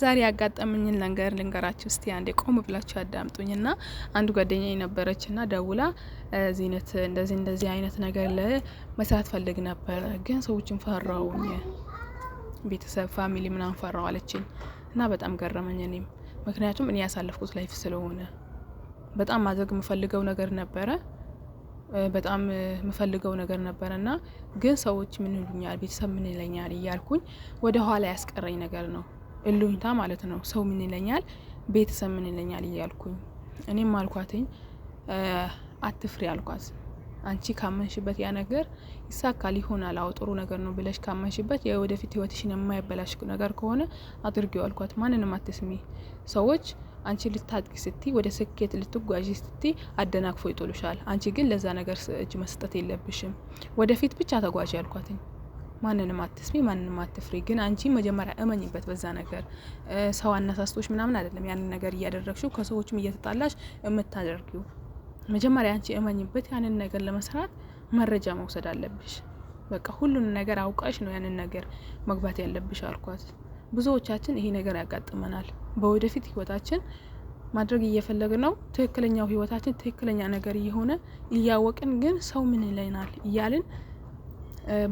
ዛሬ ያጋጠመኝን ነገር ልንገራችሁ እስቲ አንዴ ቆም ብላችሁ ያዳምጡኝ። ና አንድ ጓደኛ የነበረች ና ደውላ ዚነት እንደዚህ እንደዚህ አይነት ነገር ለመስራት ፈልግ ነበር፣ ግን ሰዎችን ፈራውኝ፣ ቤተሰብ ፋሚሊ ምናምን ፈራው አለችኝ እና በጣም ገረመኝ። እኔም ምክንያቱም እኔ ያሳለፍኩት ላይፍ ስለሆነ በጣም ማድረግ የምፈልገው ነገር ነበረ በጣም የምፈልገው ነገር ነበረ እና ግን ሰዎች ምን ይሉኛል፣ ቤተሰብ ምን ይለኛል እያልኩኝ ወደ ኋላ ያስቀረኝ ነገር ነው። እልሁኝታ ማለት ነው። ሰው ምን ይለኛል፣ ቤተሰብ ምን ይለኛል እያልኩኝ እኔም አልኳትኝ አትፍሪ አልኳት። አንቺ ካመንሽበት ያ ነገር ይሳካል ይሆናል፣ አዎ ጥሩ ነገር ነው ብለሽ ካመንሽበት የወደፊት ህይወትሽን የማይበላሽ ነገር ከሆነ አድርጊው አልኳት። ማንንም አትስሚ። ሰዎች አንቺ ልታድጊ ስቲ ወደ ስኬት ልትጓዥ ስቲ አደናቅፎ ይጥሉሻል። አንቺ ግን ለዛ ነገር እጅ መስጠት የለብሽም። ወደፊት ብቻ ተጓዥ አልኳትኝ። ማንንም አትስሚ፣ ማንንም አትፍሪ። ግን አንቺ መጀመሪያ እመኝበት በዛ ነገር። ሰው አነሳስቶች ምናምን አይደለም ያንን ነገር እያደረግሽው ከሰዎችም እየተጣላሽ የምታደርጊው። መጀመሪያ አንቺ እመኝበት። ያንን ነገር ለመስራት መረጃ መውሰድ አለብሽ። በቃ ሁሉን ነገር አውቃሽ ነው ያንን ነገር መግባት ያለብሽ አልኳት። ብዙዎቻችን ይሄ ነገር ያጋጥመናል። በወደፊት ህይወታችን ማድረግ እየፈለግን ነው ትክክለኛው ህይወታችን ትክክለኛ ነገር እየሆነ እያወቅን ግን ሰው ምን ይለናል እያልን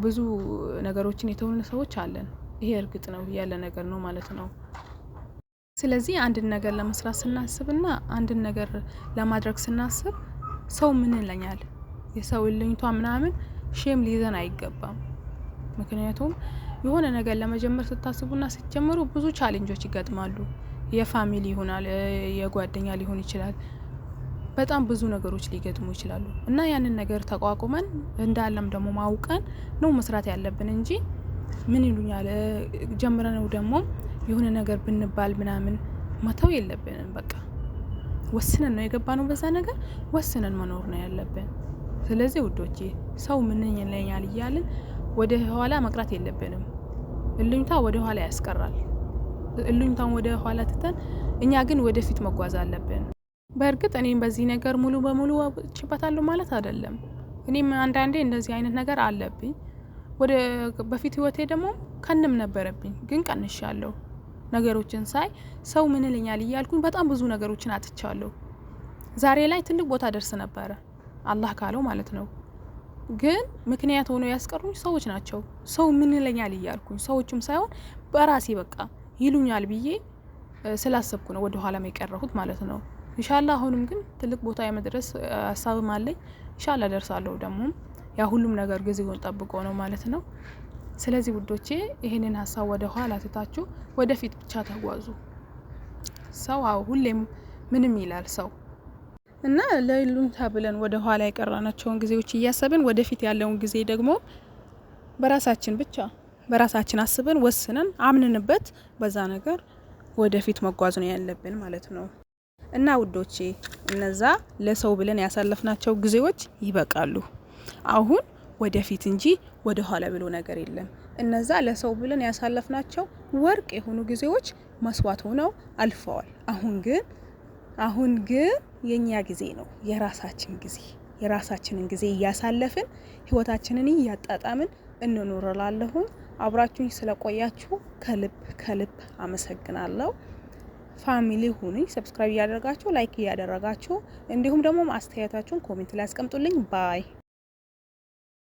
ብዙ ነገሮችን የተውን ሰዎች አለን። ይሄ እርግጥ ነው ያለ ነገር ነው ማለት ነው። ስለዚህ አንድን ነገር ለመስራት ስናስብና አንድን ነገር ለማድረግ ስናስብ ሰው ምን ይለኛል፣ የሰው ልኝቷ ምናምን ሼም ሊይዘን አይገባም። ምክንያቱም የሆነ ነገር ለመጀመር ስታስቡና ስትጀምሩ ብዙ ቻሌንጆች ይገጥማሉ። የፋሚሊ ይሆናል፣ የጓደኛ ሊሆን ይችላል በጣም ብዙ ነገሮች ሊገጥሙ ይችላሉ እና ያንን ነገር ተቋቁመን እንዳለም ደግሞ ማውቀን ነው መስራት ያለብን እንጂ ምን ይሉኛል ጀምረነው ደግሞ የሆነ ነገር ብንባል ምናምን መተው የለብንም። በቃ ወስነን ነው የገባ ነው በዛ ነገር ወስነን መኖር ነው ያለብን። ስለዚህ ውዶቼ ሰው ምን ይለኛል እያልን ወደ ኋላ መቅራት የለብንም። እልኝታ ወደ ኋላ ያስቀራል። እልኝታን ወደ ኋላ ትተን እኛ ግን ወደፊት መጓዝ አለብን። በእርግጥ እኔም በዚህ ነገር ሙሉ በሙሉ አውጥቼበታለሁ ማለት አይደለም። እኔም አንዳንዴ እንደዚህ አይነት ነገር አለብኝ። ወደ በፊት ህይወቴ ደግሞ ከንም ነበረብኝ ግን ቀንሻለሁ። ነገሮችን ሳይ ሰው ምን ይለኛል እያልኩኝ በጣም ብዙ ነገሮችን አጥቻለሁ። ዛሬ ላይ ትልቅ ቦታ ደርስ ነበረ አላህ ካለው ማለት ነው። ግን ምክንያት ሆኖ ያስቀሩኝ ሰዎች ናቸው ሰው ምን ይለኛል እያልኩኝ ሰዎችም ሳይሆን በራሴ በቃ ይሉኛል ብዬ ስላሰብኩ ነው ወደኋላም የቀረሁት ማለት ነው እንሻላ አሁንም ግን ትልቅ ቦታ የመድረስ ሀሳብም አለኝ። እንሻላ ደርሳለሁ። ደግሞ ያ ሁሉም ነገር ጊዜውን ጠብቆ ነው ማለት ነው። ስለዚህ ውዶቼ ይህንን ሀሳብ ወደ ኋላ ትታችሁ ወደፊት ብቻ ተጓዙ። ሰው አዎ ሁሌም ምንም ይላል ሰው እና ለሉንታ ብለን ወደ ኋላ የቀራናቸውን ጊዜዎች እያሰብን ወደፊት ያለውን ጊዜ ደግሞ በራሳችን ብቻ በራሳችን አስበን ወስነን አምንንበት በዛ ነገር ወደፊት መጓዝ ነው ያለብን ማለት ነው። እና ውዶቼ እነዛ ለሰው ብለን ያሳለፍናቸው ጊዜዎች ይበቃሉ። አሁን ወደፊት እንጂ ወደ ኋላ ብሎ ነገር የለም። እነዛ ለሰው ብለን ያሳለፍናቸው ወርቅ የሆኑ ጊዜዎች መስዋዕት ሆነው አልፈዋል። አሁን ግን አሁን ግን የእኛ ጊዜ ነው፣ የራሳችን ጊዜ የራሳችንን ጊዜ እያሳለፍን ህይወታችንን እያጣጣምን እንኖራላለሁም። አብራችሁኝ ስለቆያችሁ ከልብ ከልብ አመሰግናለሁ። ፋሚሊ ሁኑ። ሰብስክራይብ እያደረጋችሁ ላይክ እያደረጋችሁ እንዲሁም ደግሞ አስተያየታችሁን ኮሜንት ላይ አስቀምጡልኝ። ባይ